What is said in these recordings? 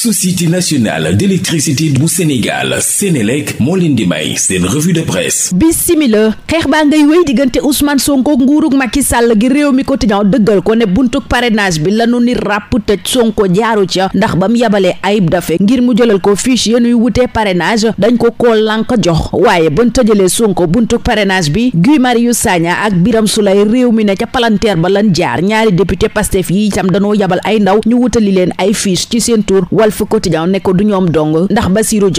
société nationale d'électricité bu Sénégal Sénélec moo leen di may seen revue de presse bi simila xeex baa ngay wéy diggante Ousmane Sonko nguurug Macky Sall gi réew mi quotidien dëggal ko ne buntuk parrainage bi lanu ni ràpp tëj Sonko jaaru ca ndax ba mu yabalee ay Daffé ngir mu jëlal ko fiche yenuy wutee parrainage dañ ko koo lànk jox waaye ban tëjalee Sonko buntuk parenage bi Guy Marius Sagna ak Biram Souleye réew mi ne ca palanteer ba lan jaar ñaari député Pastef yi itam dañoo yabal ay ndaw ñu wutali Walf Quotidien ne ko du ñoom dong ndax Bassirou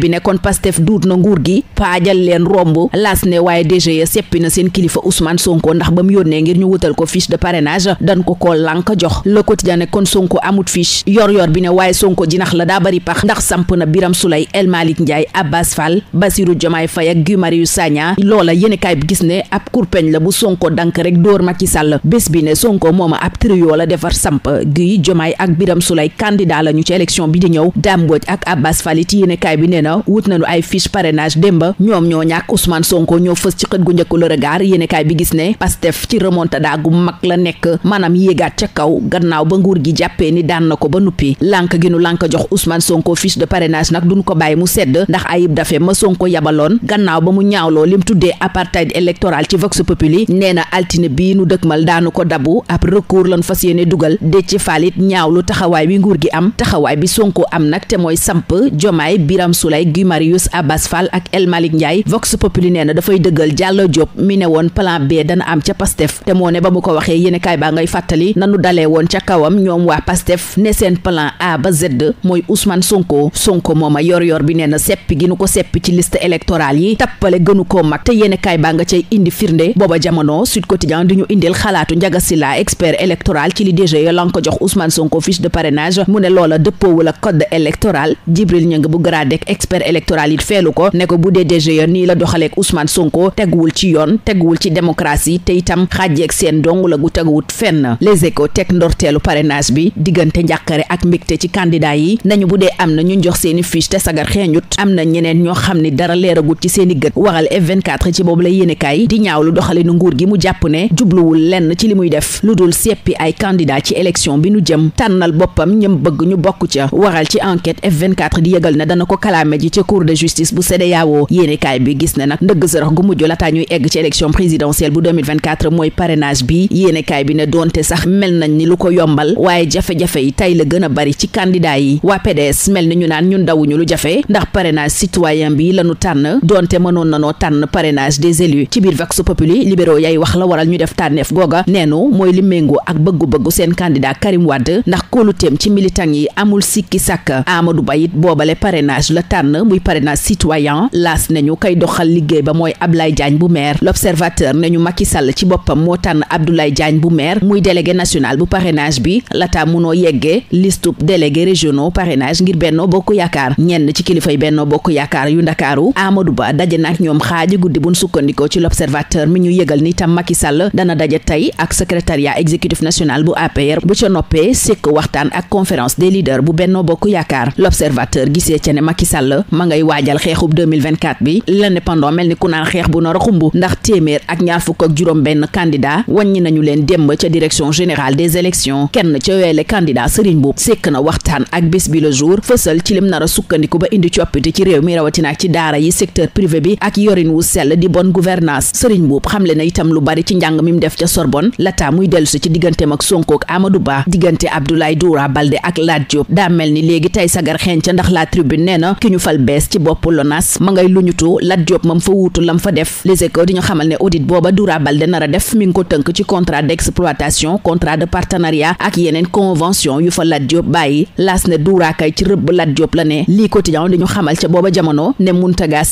bi ne kon Pastef duut na nguur gi paajal leen romb laas ne waaye DGE seppi na ba mu yónnee ngir ñu wutal ko fiche de parrainage dan ko ko lànk jox Le Quotidien ne kon Sonko amut fiche yor yor bi ne waaye Sonko jinax la daa bari pax ndax samp na Biram Souleye El Malick Ndiaye Abbas Fall Bassirou Diomaye Faye ak Guy Marius Sagna loola yéenekaay bi gis ne ab kurpeñ la bu Sonko dank rek dóor Macky Sall bés bi ne Sonko mooma ab trio la def safar samp Guy Jomaay ak ci élection mag la nekk maanaam yéegaat ca kaw gannaaw ba nguur gi jàppee ni daan na ko ba nuppi lànk gi nu lànk jox Ousmane Sonko fiche de parrainage nag duñ ko bàyyi mu sedd ndax Ayib Daffé ma Sonko yabaloon gannaaw ba mu ñaawloo lim tuddee apartheid électoral ci Vox Populi nee na altine bii nu dëkkmal daanu ko dabu ab recours lan fas yéene dugal Déthié Fall it ñaawlu taxawaay bi nguur gi am taxawaay bi Sonko am nag te mooy samp Jomaay Biram Souleye Guy Marius Abbas Fall ak El Malick Ndiaye Vox Populi nee na dafay dëggal Diallo Diop mi ne woon plan B dana am ca Pastef te moo ne ba mu ko waxee yéene baa ngay fàttali nanu dalee woon ca kawam ñoom waa Pastef ne seen plan A ba Z mooy Ousmane Sonko Sonko mooma yor yor bi nee na seppi gi nu ko seppi ci liste électorale yi tappale gënu koo mag te DGE lan ko jox Ousmane Sonko fiche de parrainage mu ne loola dëppoowul ak code électoral Jibril Ñëng bu GRADEC expert électoral it feelu ko ne bu dee DGE nii la doxaleek Ousmane Sonko teguwul ci yoon teguwul ci démocratie te itam xaajeeg seen dong la gu teguwut fenn les échos teg ndorteelu parrainage bi diggante njàqare ak mbégte ci candidat yi nañu bu dee am na ñu jox seeni fiche te sagar xeeñut am na ñeneen ñoo xam ni dara leeragut ci seeni gët waral la yéene kaay di ñaawlu candidat ci élection bi nu jëm tànnal boppam ñëm bëgg ñu bokk ca waral ci enquête f di yëgal ne dana ko kalaame ji ca cour de justice bu CEDEAO yéenekaay bi gis ne nag ndëgg sërëx gu mujj lataa ñuy egg ci élection présidentielle bu mooy parrainage bi yéenekaay bi ne doonte sax mel nañ ni lu ko yombal waaye jafe-jafe yi tey la gën a bari ci candidat yi waa PDS mel ni ñu naan ñun dawuñu lu jafe ndax parrainage citoyen bi lañu tànn doonte mënoon nanoo tànn seen candidat Karim Wade ndax kóoluteem ci militant yi amul sikki sàkk Amadou Ba it boobale parrainage la tànn muy parrainage citoyen laas nañu kay doxal liggéey ba mooy Ablaye Diagne bu maire l'observateur nañu Macky Sall ci boppam moo tànn Abdoulaye jaañ bu maire muy délégué national bu parrainage bi mu noo yeggee listub délégué régionaux parrainage ngir Benno Bokk Yaakaar ñenn ci kilifay Benno Bokk Yaakaar yu ndakaaru amadu Ba daje nag ñoom xaaji guddi buñ sukkandikoo ci l'observateur mi ñu yëgal ni tam Macky Sall dana daje tey ak secrétariat exécutif national APR bu ca noppee sikk waxtaan ak conférence des leaders bu Benno Bokk Yaakaar l'observateur gisee ca ne Macky Sall ma ngay waajal xeexub 2024 bi l'indépendant mel ni ku naan xeex bu nar a xumb ndax téeméer ak ñaar fukk ak juróom benn candidat wàññi nañu leen démb ca direction général des élections kenn ca wele candidat Serigne Mboup sikk na waxtaan ak bés bi la jour fësal ci lim nar a sukkandiku ba indi coppite ci réew mi rawatina ci daara yi secteur privé bi ak yorin wu sell di bonne gouvernance Serigne Mboup xamle na itam lu bari ci njàng mi mu def ca Sorbonne lataa muy dellusi ci digganteem ak Sonko ak Amadou Ba diggante Abdoulaye Doura Balde ak Lat Diop daa mel ni léegi tey sagar xeeñ ca ndax la tribune nee na ki ñu fal bees ci bopp Lonas ma ngay luñutu Lat Diop mam fa wuutu lam fa def Les Échos di ñu xamal ne audit booba Doura Balde a def mi ngi ko tënk ci contrat d'exploitation contrat de partenariat ak yeneen convention yu fa Lat Diop bàyyi laas ne Doura ci rëbb Lat Diop la ne lii quotidien di ñu xamal ca booba jamono ne Mountaga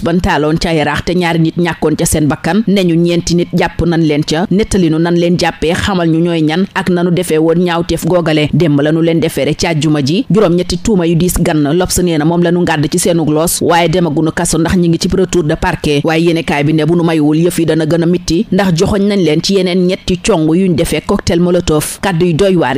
autobus ban taaloon ca yaraax te ñaari nit ñàkkoon ca seen bakkan ne ñu ñeenti nit jàpp nan leen ca nettalinu nan leen jàppee xamal ñu ñooy ñan ak nanu defee woon ñaawteef googale démb la nu leen defeere ci àjjuma ji juróom-ñetti tuuma yu diis gann lobs nee na moom la nu ngàdd ci seenug loos waaye demagunu kaso ndax ñi ngi ci retour de parquet waaye yéenekaay bi ne bu nu maywul yëf yi dana gën mitti ndax joxoñ nañ leen ci yeneen ñetti cong yuñ defee cocktail molotov kàddu yu doy waar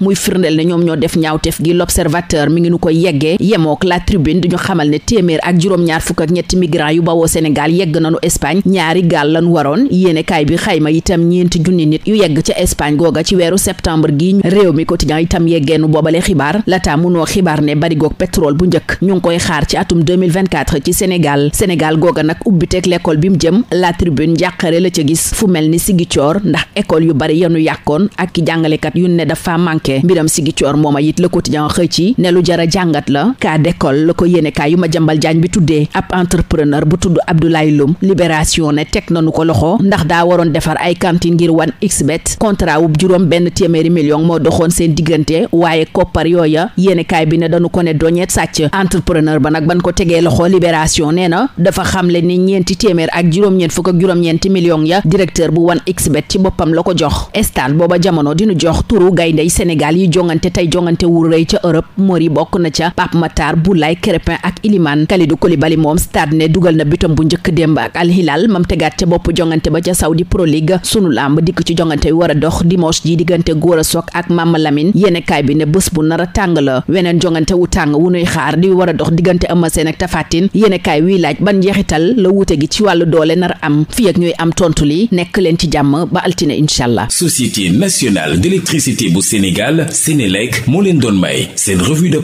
muy firndeel ne ñoom ñoo def ñaawteef gi l'observateur mi ngi nu koy yeggee yemook la tribune duñu xamal ne téeméer ak juróom-ñaar fukk ak ñetti migrant yu bawoo Sénégal yegg nañu Espagne ñaari gaal lan waroon yéenekaay kaay bi xayma itam ñeenti junni nit yu yegg ca Espagne googa ci weeru septembre gi réew mi quotidien itam yeggeenu boobale xibaar lataa munoo xibaar ne barigoog pétrole bu njëkk ñu ngi koy xaar ci atum 2024 ci Sénégal Sénégal googa nag ubbiteeg l'école bi mu jëm la tribune njàqare la ca gis fu mel ni Sigicoor ndax école yu bari yanu yàkkoon ak ki jàngalekat yu ne dafa manqué mbiram Sigicoor mooma it le quotidien xëy ci ne lu jara jàngat la cas la ko yéene yu ma jambal jaañ bi tuddee entrepreneur bu tudd Abdoulaye Loum libération ne teg nanu ko loxo ndax daa waroon defar ay cantine ngir wan xbet contrat wu juróom benn téeméeri million moo doxoon seen diggante waaye koppar yooya yéenekaay bi ne danu ko ne doñeet sàcc entrepreneur ba nag ban ko tegee loxo libération nee na dafa xamle ni ñeenti téeméer ak juróom-ñeent fukk ak juróom-ñeenti million ya directeur bu wan xbet ci boppam la ko jox stade booba jamono dinu jox turu gayndey Sénégal yi jongante tey jongante wu rëy ca Europe mori bokk na ca Pape Matar Boulaye ak Ilimane stade ne dugal na bitam bu njëkk démb ak Al Hilal mam tegaat ca bopp jongante ba ca Saudi Pro League sunu làmb dikk ci jongante bi war a dox dimanche ji diggante Gora Sock ak Mama Lamine yéenekaay bi ne bés bu nar a tàng la weneen jongante wu tàng wu nuy xaar di war a dox diggante Eumeu ak Tapha Tine yéenekaay laaj ban njeexital la wuute gi ci wàllu doole nar am fii ak ñooy am tontu li nekk leen ci jàmm ba altine incha allah. Société nationale d'électricité bu Sénégal Sénélec moo leen doon may seen revue de